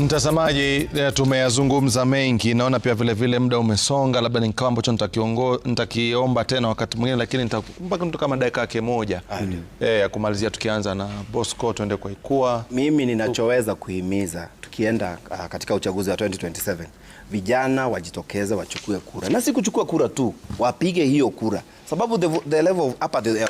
mtazamaji, eh, tumeyazungumza mengi, naona pia vile vile muda umesonga, labda ni kama ambacho nitakiomba tena wakati mwingine, lakini mpaka mtu kama dakika yake moja e, ya kumalizia, tukianza na Bosco tuende kwa Ikua. Mimi ninachoweza kuhimiza tukienda uh, katika uchaguzi wa 2027 vijana wajitokeze, wachukue kura, na si kuchukua kura tu, wapige hiyo kura, sababu the, the level hapa the eh,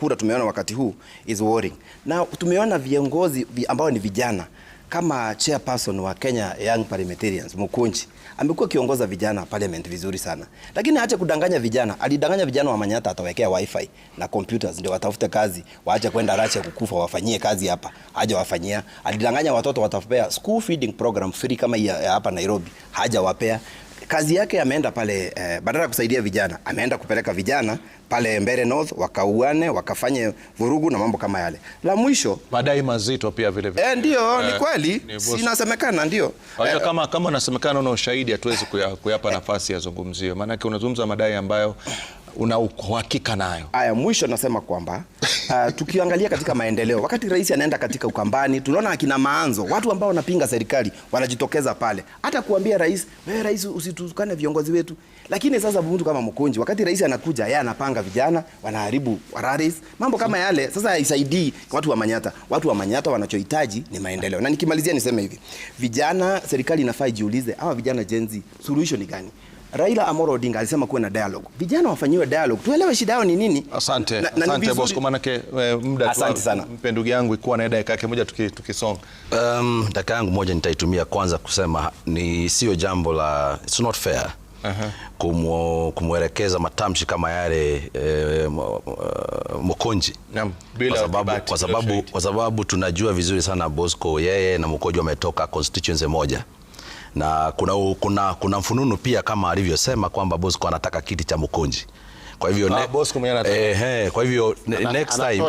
kura tumeona wakati huu is worrying, na tumeona viongozi ambao ni vijana kama chairperson wa Kenya Young Parliamentarians Mukunji amekuwa kiongoza vijana parliament vizuri sana, lakini acha kudanganya vijana. Alidanganya vijana wa Manyata atawekea wifi na computers ndio watafute kazi, waache kwenda racha kukufa, wafanyie kazi hapa, haja wafanyia. Alidanganya watoto watapea school feeding program free kama hapa Nairobi, haja wapea kazi yake ameenda pale eh, badala ya kusaidia vijana ameenda kupeleka vijana pale Mbere North wakauane wakafanye vurugu na mambo kama yale. La mwisho madai mazito pia vile vile. Eh, ndio ni eh, kweli sinasemekana ndio. Hata eh, kama kama unasemekana una ushahidi hatuwezi kuyapa eh, nafasi yazungumziwe. Maana yake unazungumza madai ambayo una uhakika nayo? Aya, mwisho nasema kwamba uh, tukiangalia katika maendeleo, wakati rais anaenda katika Ukambani, tunaona akina Maanzo, watu ambao wanapinga serikali wanajitokeza pale, hata kuambia rais, wewe rais, usitukane viongozi wetu. Lakini sasa mtu kama Mkunji, wakati rais anakuja, yeye anapanga vijana wanaharibu wararis, mambo kama yale, sasa haisaidii watu wa Manyata. Watu wa Manyata wanachohitaji ni maendeleo. Na nikimalizia niseme hivi, vijana, serikali inafaa ijiulize, hawa vijana jenzi, suluhisho ni gani? Raila Amolo Odinga alisema kuwe na dialogue. Vijana wafanyiwe dialogue. Tuelewe shida yao ni nini? Asante. Na, na asante boss kwa maana ke eh, muda tu. Asante sana. Mpendugu yangu ikuwa na dakika yake moja tuki, tukisonga. Um, dakika yangu moja nitaitumia kwanza kusema ni sio jambo la it's not fair. Uh -huh. Kumwelekeza matamshi kama yale eh, Mokonji eh, kwa sababu, kwa sababu, kwa sababu tunajua vizuri sana Bosco yeye na Mokonji wametoka constituency moja na kuna, kuna, kuna mfununu pia kama alivyosema kwamba Bosco anataka kiti cha Mkonji. Kwa hivyo eh, eh, kwa hivyo next time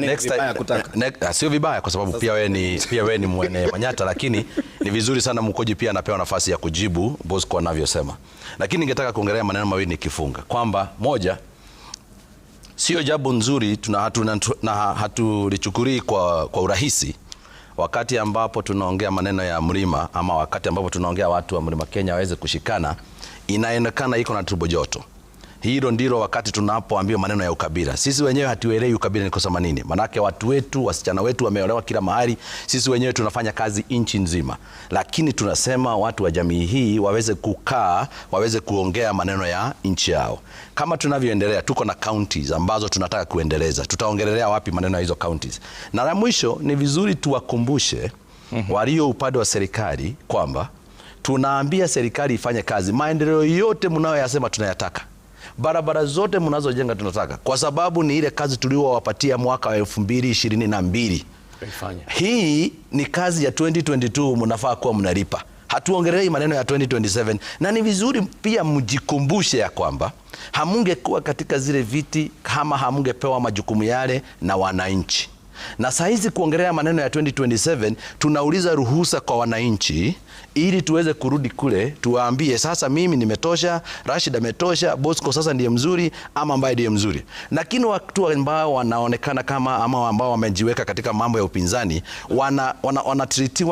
next time ne, sio vibaya kwa sababu pia wewe ni pia wewe ni mwene Manyata, lakini ni vizuri sana Mkonji pia anapewa nafasi ya kujibu Bosco anavyosema, lakini ningetaka kuongelea maneno mawili nikifunga kwamba moja sio jambo nzuri tuna hatu, na hatulichukulii kwa, kwa urahisi wakati ambapo tunaongea maneno ya mlima ama wakati ambapo tunaongea watu wa mlima Kenya waweze kushikana, inaonekana iko na tubo joto. Hilo ndilo wakati tunapoambiwa maneno ya ukabila. Sisi wenyewe hatuelewi ukabila ni kosa manini, manake watu wetu, wasichana wetu wameolewa kila mahali. Sisi wenyewe tunafanya kazi nchi nzima, lakini tunasema watu wa jamii hii waweze kukaa, waweze kuongea maneno ya nchi yao. Kama tunavyoendelea, tuko na counties ambazo tunataka kuendeleza. Tutaongelelea wapi maneno ya hizo counties? Na la mwisho, ni vizuri tuwakumbushe mhm. walio upande wa serikali kwamba tunaambia serikali ifanye kazi, maendeleo yote mnayoyasema tunayataka barabara zote mnazojenga tunataka, kwa sababu ni ile kazi tuliowapatia mwaka wa elfu mbili ishirini na mbili. Hii ni kazi ya 2022 mnafaa kuwa mnalipa. Hatuongelei maneno ya 2027 na ni vizuri pia mjikumbushe ya kwamba hamungekuwa katika zile viti kama hamungepewa majukumu yale na wananchi na saa hizi kuongelea maneno ya 2027 tunauliza ruhusa kwa wananchi ili tuweze kurudi kule tuwaambie, sasa mimi nimetosha, Rashid ametosha, Bosco sasa ndiye mzuri ama ambaye ndiye mzuri. Lakini watu ambao wanaonekana kama ama ambao wamejiweka katika mambo ya upinzani wana, wana, wana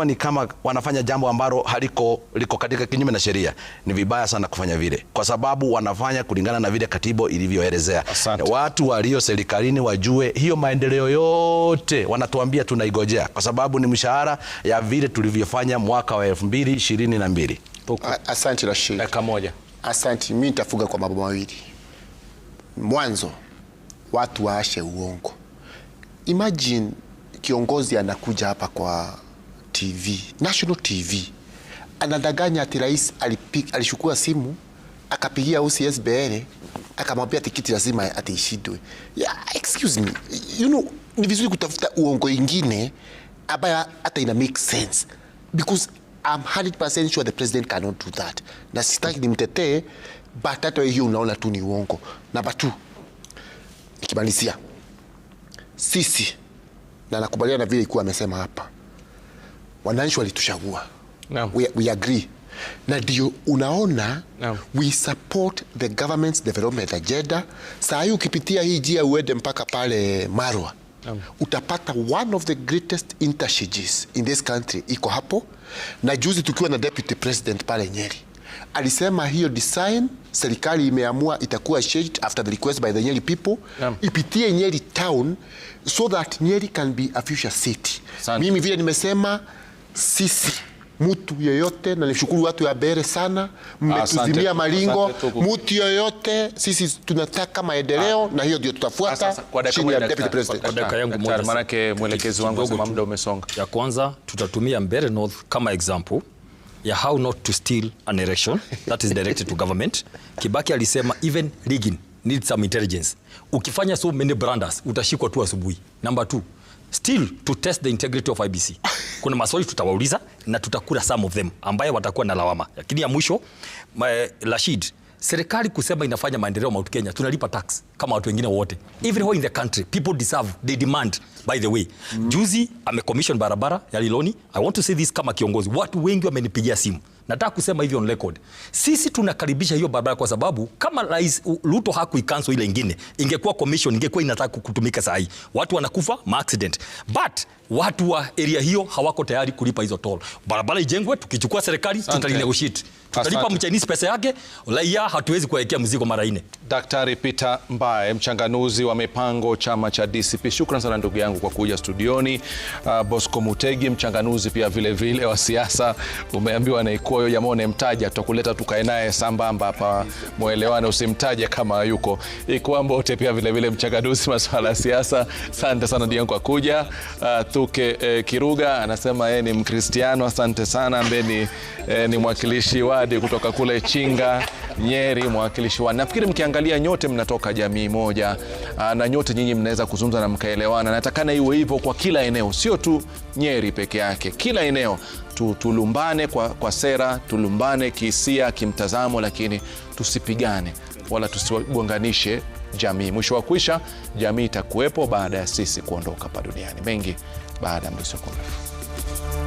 ni kama wanafanya jambo ambalo haliko liko katika kinyume na sheria. Ni vibaya sana kufanya vile, kwa sababu wanafanya kulingana na vile katibo ilivyoelezea. Watu walio serikalini wajue hiyo maendeleo yote wote wanatuambia tunaigojea kwa sababu ni mshahara ya vile tulivyofanya mwaka wa 2022. Asante Rashid. Dakika moja. Asante, mimi nitafunga kwa mambo mawili. Mwanzo, watu waashe uongo. Imagine kiongozi anakuja hapa kwa TV, National TV, anadanganya ati rais alishukua simu akapigia UCSBL akamwambia tikiti lazima atishidwe. Yeah, excuse me. You know, ni vizuri kutafuta uongo ingine ambayo hata ina make sense because I'm 100% sure the president cannot do that, na sitaki nimtetee, but hata hiyo unaona tu ni uongo. Namba 2 ikimalizia, sisi na nakubaliana na vile ikuwa amesema hapa, wananchi walituchagua no. we, we agree na ndio unaona no. we support the government's development agenda. Saa hii ukipitia hii njia uende mpaka pale Marwa um, utapata one of the greatest interchanges in this country iko hapo, na juzi tukiwa na deputy president pale Nyeri alisema hiyo design serikali imeamua itakuwa changed after the request by the Nyeri people um, ipitie Nyeri town so that Nyeri can be a future city. Mimi vile nimesema sisi mtu yeyote, na nishukuru watu ya Bere sana, mmetuzimia malingo. Mtu yoyote sisi tunataka maendeleo, ah. na hiyo ndio tutafuata chini ya deputy president. Kwa Dakika yangu moja, maana yake mwelekezi wangu kama muda umesonga. Ya kwanza tutatumia Mbere North kama example ya how not to steal an election that is directed to government. Kibaki alisema even rigging needs some intelligence. Ukifanya so many branders utashikwa tu asubuhi. Number two still to test the integrity of IBC. Kuna maswali tutawauliza na tutakula some of them ambayo watakuwa na lawama, lakini ya mwisho eh, Rashid serikali kusema inafanya maendeleo Mount Kenya, tunalipa tax kama watu wengine wote, everywhere in the country people deserve, they demand. By the way, mm. Juzi amecommission barabara ya Liloni. I want to say this kama kiongozi, watu wengi wamenipigia simu, nataka kusema hivi on record, sisi tunakaribisha hiyo barabara kwa sababu kama Rais Ruto hakuikanso ile ingine, ingekuwa commission ingekuwa inataka kutumika sahi. watu wanakufa ma accident but watu wa area hiyo hawako tayari kulipa hizo toll. Barabara ijengwe, tukichukua serikali tutalinegotiate, tutalipa mchinese pesa yake, raia hatuwezi kuwekea mzigo mara nne. Daktari Peter Mbae, mchanganuzi wa mipango chama cha DCP, shukran sana ndugu yangu kwa kuja studioni. Uh, Bosco Mutegi, mchanganuzi pia vilevile vile wa siasa, umeambiwa na Ikuoyo, jamaa unemtaja tutakuleta tukae naye sambamba hapa, mwelewane, usimtaje kama hayuko. Ikuambote pia vilevile vile mchanganuzi masuala ya siasa, asante sana ndugu yangu kwa kuja uh, Mathuke eh, Kiruga anasema yeye eh, ni Mkristiano. Asante sana Mbeni, eh, ni mwakilishi wadi kutoka kule Chinga Nyeri, mwakilishi wadi. Nafikiri mkiangalia nyote mnatoka jamii moja ah, na nyote nyinyi mnaweza kuzungumza na mkaelewana. Natakana iwe hivyo kwa kila eneo, sio tu Nyeri peke yake, kila eneo tu, tulumbane kwa, kwa sera, tulumbane kihisia, kimtazamo, lakini tusipigane wala tusigonganishe jamii. Mwisho wa kuisha, jamii itakuwepo baada ya sisi kuondoka hapa duniani. Mengi baada ya mdoso wa kombe.